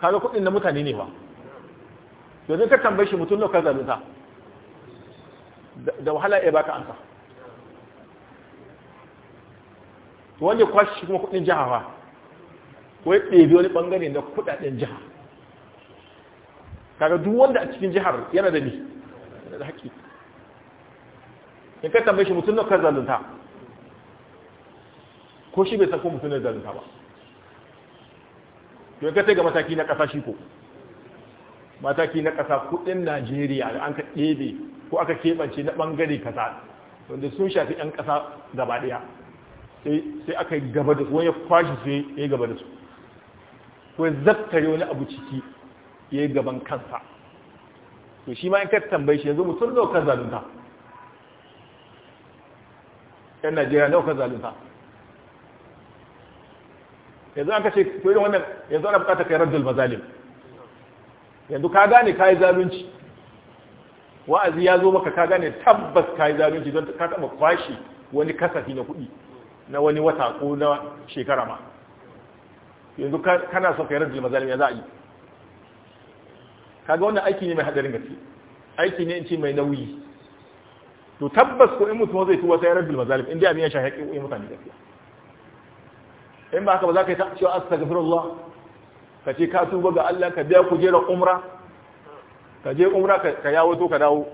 kaga kudin na mutane ne ba yanzu ka tambaye shi mutum lokacin zalunta da wahala ya baka ansa wani ya kwashe shi kuma kudin jiha ba ko ya ɗebi wani ɓangare na kuɗaɗen jiha kaga duk wanda a cikin jihar yana da ni yana da haƙi in ka tambaye shi mutum lokacin zalunta ko shi bai san mutum ne zalunta ba to ka ga mataki na ƙasa shi ko mataki na ƙasa kuɗin najeriya da an ka ɗebe ko aka keɓance na ɓangare kaza wanda sun shafi 'yan ƙasa gaba ɗaya sai aka yi gaba da su wani ya kwashi su ya yi gaba da su ko ya zakkare wani abu ciki ya yi gaban kansa to shi ma in ka tambayi shi yanzu mutum nawa kan zalunta 'yan najeriya nawa kan zalunta yanzu an ce ko irin wannan yanzu ana bukata kai raddul mazalim yanzu ka gane kai zalunci wa'azi ya zo maka ka gane tabbas kai zalunci don ka taba kwashi wani kasafi na kuɗi na wani wata ko na shekara ma yanzu kana son kai raddul mazalim ya za a yi kaga wannan aiki ne mai hadarin gaske aiki ne in ce mai nauyi to tabbas ko in mutum zai tuwa sai raddul mazalim in dai abin ya shafi haƙƙin mutane gaskiya in ba haka ba za ka yi ta cewa astaghfirullah ka ce ka tuba ga Allah ka biya kujerar umra ka je umra ka yawo to ka dawo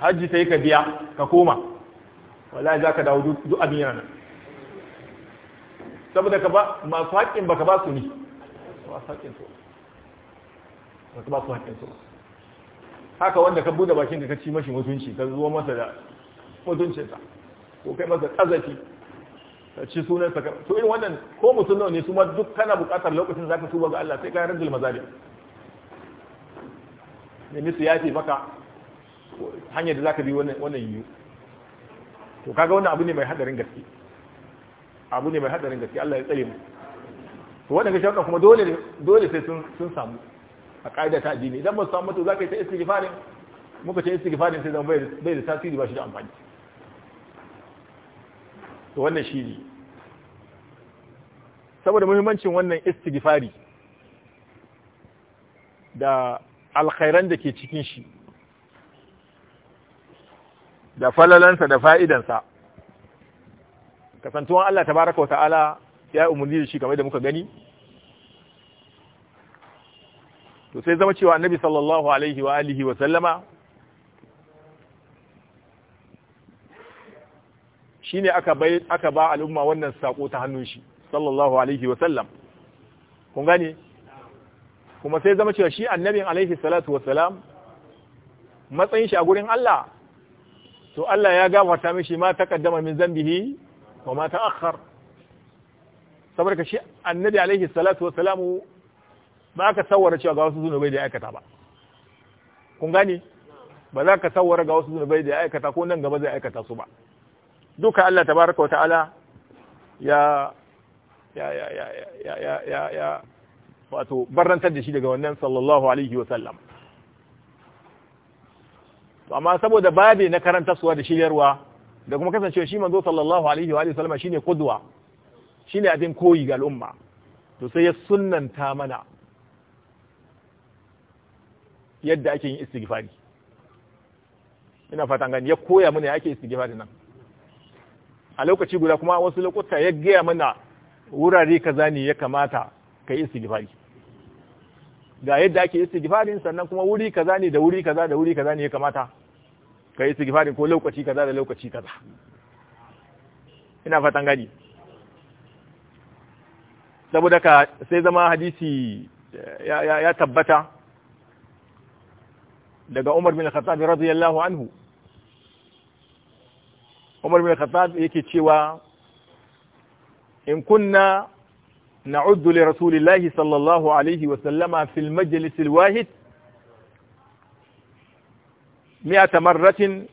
hajji sai ka biya ka koma wallahi za ka dawo duk abin yana nan saboda ka ba masu haƙƙin ba ka ba su ne masu haƙƙin su ba ka ba su haƙƙin su haka wanda ka bude bakin ka ci mashi mutunci ka zuwa masa da mutuncinsa ko kai masa ƙazafi ci sunan sa to irin wannan ko mutum nawa ne su ma duk kana buƙatar lokacin zaka tuba ga Allah sai ka rajul mazali ne misu yafi maka hanyar da zaka bi wannan wannan yiwu to kaga wannan abu ne mai hadarin gaske abu ne mai hadarin gaske Allah ya tsare mu to waɗanda sharuɗa kuma dole dole sai sun sun samu a kaida ta addini idan ba su samu to zaka yi ta istighfarin muka ce istighfarin sai zama bai da tasiri ba shi da amfani to wannan shi ne saboda muhimmancin wannan istighfari da alkhairan da ke cikin shi da falalansa da fa'idansa kasantuwan Allah ta wa ta'ala ya umarni da shi kamar da muka gani to sai zama cewa annabi sallallahu alaihi wa alihi wa sallama shine aka bai aka ba al'umma wannan sako ta hannun shi sallallahu alaihi wa sallam kun gane kuma sai zama cewa shi annabin alaihi salatu wa salam matsayin shi a gurin Allah to Allah ya gafarta mishi ma ta kaddama min zambihi wa ma ta akhar? saboda shi annabi alaihi salatu wa salamu ba ka tsawara cewa ga wasu zunubai da ya aikata ba kun gane ba za ka tsawara ga wasu zunubai da ya aikata ko nan gaba zai aikata su ba duka Allah tabaraka wa ta'ala ya ya ya ya ya ya ya wato barantar da shi daga wannan sallallahu alaihi wa sallam amma saboda babe na karantarsuwa da shiryarwa da kuma kasancewa shi manzo sallallahu alaihi wa sallam shine kudwa shine abin koyi ga al'umma to sai ya sunnanta mana yadda ake yin istighfari ina fatan gani ya koya mana ya ake istighfari nan a lokaci guda kuma wasu lokuta ya gaya mana wurare kaza ne ya kamata ka yi istigifari ga yadda ake istighfarin sannan kuma wuri kaza ne da wuri kaza da wuri kaza ne ya kamata ka yi istighfarin ko lokaci kaza da lokaci kaza ina fatan gani saboda ka sai zama hadisi ya tabbata daga Umar bin Khattab radiyallahu anhu umar bin khattab yake cewa in kunna na'uddu li rasulillahi sallallahu alaihi wa sallama fil majlis al wahid mi'ata marratin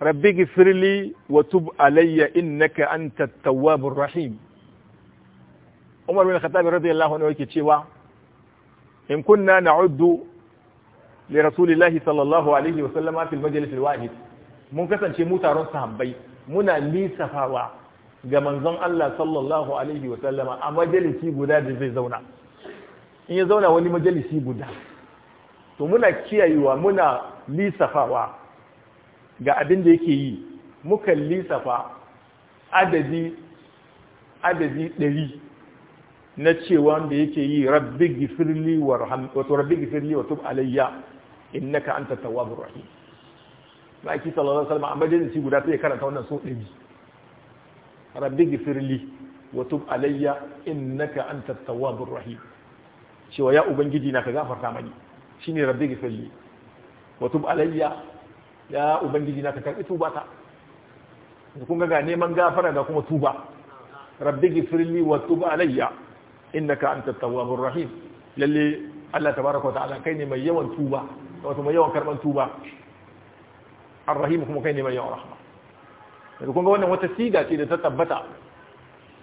rabbi gifirli wa tub alayya innaka antat tawwabur rahim umar bin khattab radiyallahu anhu yake cewa in kunna na'uddu li rasulillahi sallallahu alaihi wa sallama fil majlis al wahid mun kasance mu taron sahabbai muna lisafawa ga manzon Allah sallallahu alaihi wa sallama a majalisi guda da zai zauna in ya zauna wani majalisi guda to muna kiyayewa muna lisafawa ga abin da yake yi muka lisafa adadi adadi ɗari na cewa da yake yi rabbi gifirli wa tub alayya innaka anta tawwabur rahim ba ki sallallahu alaihi wasallam a majalisi guda sai karanta wannan so ɗari rabbi gifirli wa tub alayya innaka antat tawwabur rahim cewa ya ubangiji na ka gafarta mani shine rabbi gifirli wa tub alayya ya ubangiji na ka karbi tuba ta kun ga neman gafara ga kuma tuba rabbi gifirli wa tub alayya innaka antat tawwabur rahim lalle Allah tabaraka wa ta'ala kai ne mai yawan tuba wato mai yawan karban tuba arrahim kuma kai ne mai yawan rahama daga kuma wannan wata siga ce da ta tabbata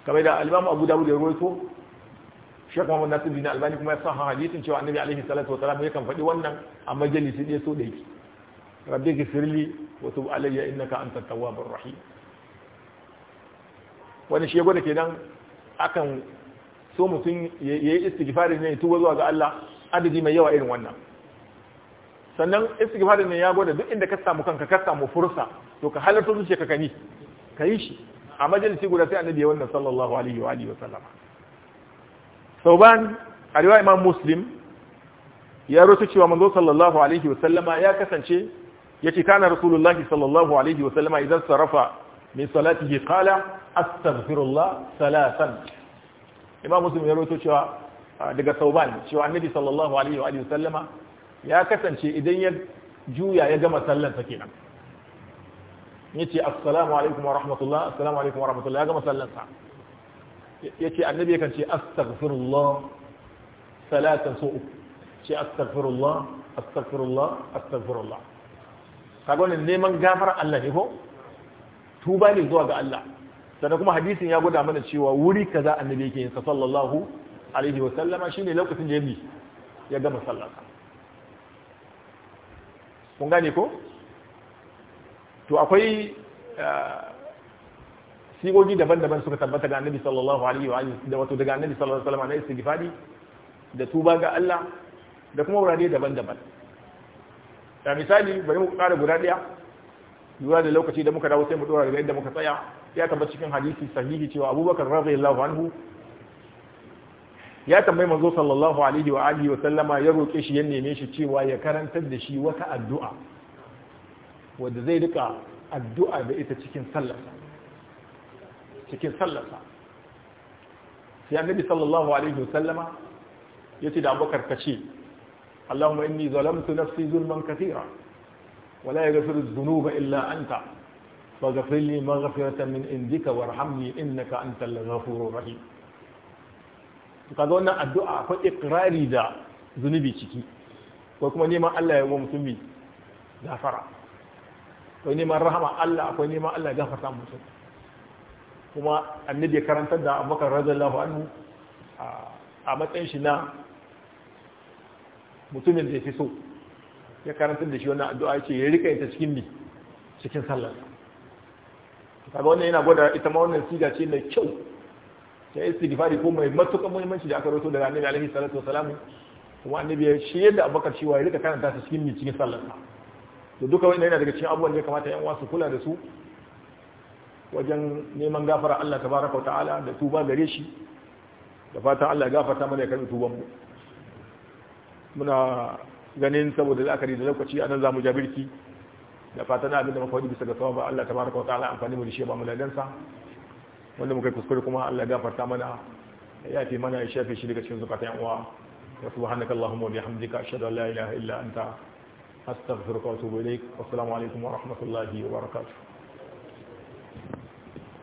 kamar da alimamu abu dawud ya rawaito shekha muhammad nasir bin albani kuma ya sa hadisin cewa annabi alaihi salatu wa salam yakan faɗi wannan a majalisi ɗaya so da yake rabbi ghfirli wa tub alayya innaka antat tawwabur rahim wani shi ya gode kenan akan so mutum ya yi istighfari ne tuba zuwa ga Allah adadi mai yawa irin wannan sannan istighfarin ne ya gwada duk inda ka samu kanka ka samu fursa to ka halarta zuciya ka kani ka yi shi a majalisi guda sai annabi ya wannan sallallahu alaihi wa alihi wa sallama sauban a riwaya imam muslim ya rutu cewa manzo sallallahu alaihi wa sallama ya kasance yace kana rasulullahi sallallahu alaihi wa sallama idan sarafa min salatihi qala astaghfirullah salatan imam muslim ya rutu cewa daga sauban cewa annabi sallallahu alaihi wa alihi wa sallama ya kasance idan ya juya ya gama sallansa kenan yace assalamu alaikum wa rahmatullah assalamu alaikum wa rahmatullah ya gama sallansa yace annabi ya ce astaghfirullah salatan so ce astaghfirullah astaghfirullah astaghfirullah kaga ne neman gafar Allah ne ko tuba ne zuwa ga Allah sannan kuma hadisin ya gwada mana cewa wuri kaza annabi yake yin sallallahu alaihi wa sallama shine lokacin da ya gama sallarsa kun gane ko to akwai ah, sigogi daban-daban suka tabbata ga annabi sallallahu alaihi wa alihi da wato daga annabi sallallahu alaihi wa sallam na istighfari da tuba ga Allah da kuma wurare daban-daban da misali bari mu kara guda daya lura da lokaci da muka dawo sai mu dora daga yadda muka tsaya ya tabbata cikin hadisi sahihi cewa Abubakar radiyallahu anhu ya tambayi manzo sallallahu alaihi wa alihi wa sallama ya roke shi ya neme shi cewa ya karantar da shi wata addu'a wanda zai rika addu'a da ita cikin sallarsa cikin sallarsa sai annabi sallallahu alaihi wa sallama yace da Abubakar kace Allahumma inni zalamtu nafsi zulman kathira ولا يغفر الذنوب إلا أنت فاغفر لي مغفرة من عندك وارحمني إنك أنت الغفور الرحيم kaga wannan addu'a akwai ikrari da zunubi ciki ko kuma neman Allah ya yi wa gafara akwai neman rahama Allah akwai neman Allah ya gafarta mutum kuma annabi ya karantar da abubakar radiyallahu anhu a matsayin shi na mutumin da ya fi so ya karanta da shi wannan addu'a ce ya rika ta cikin bi cikin sallar kaga wannan yana gwada ita ma wannan siga ce mai kyau ta istighfari ko mai matukar muhimmanci da aka rawaito daga annabi alaihi salatu wasalam kuma annabi ya shi yadda abubakar shi wa ya rika karanta su cikin cikin sallarsa to duka wani yana daga cikin abubuwan da ya kamata yan wasu kula da su wajen neman gafara Allah tabaraka ta'ala da tuba gare shi da fatan Allah gafarta mana ya karbi tuban mu muna ganin saboda la'akari da lokaci mu zamu birki da fatan abin da muka faɗi bisa ga ba Allah tabaraka ta'ala amfani mu da shi ba mu ladansa wanda muka kuskure kuma Allah gafarta mana ya fi mana ya shafe shi daga cikin zukatan yan uwa wa subhanaka allahumma wa bihamdika ashhadu an la ilaha illa anta astaghfiruka wa atubu ilaik assalamu alaikum wa rahmatullahi wa barakatuh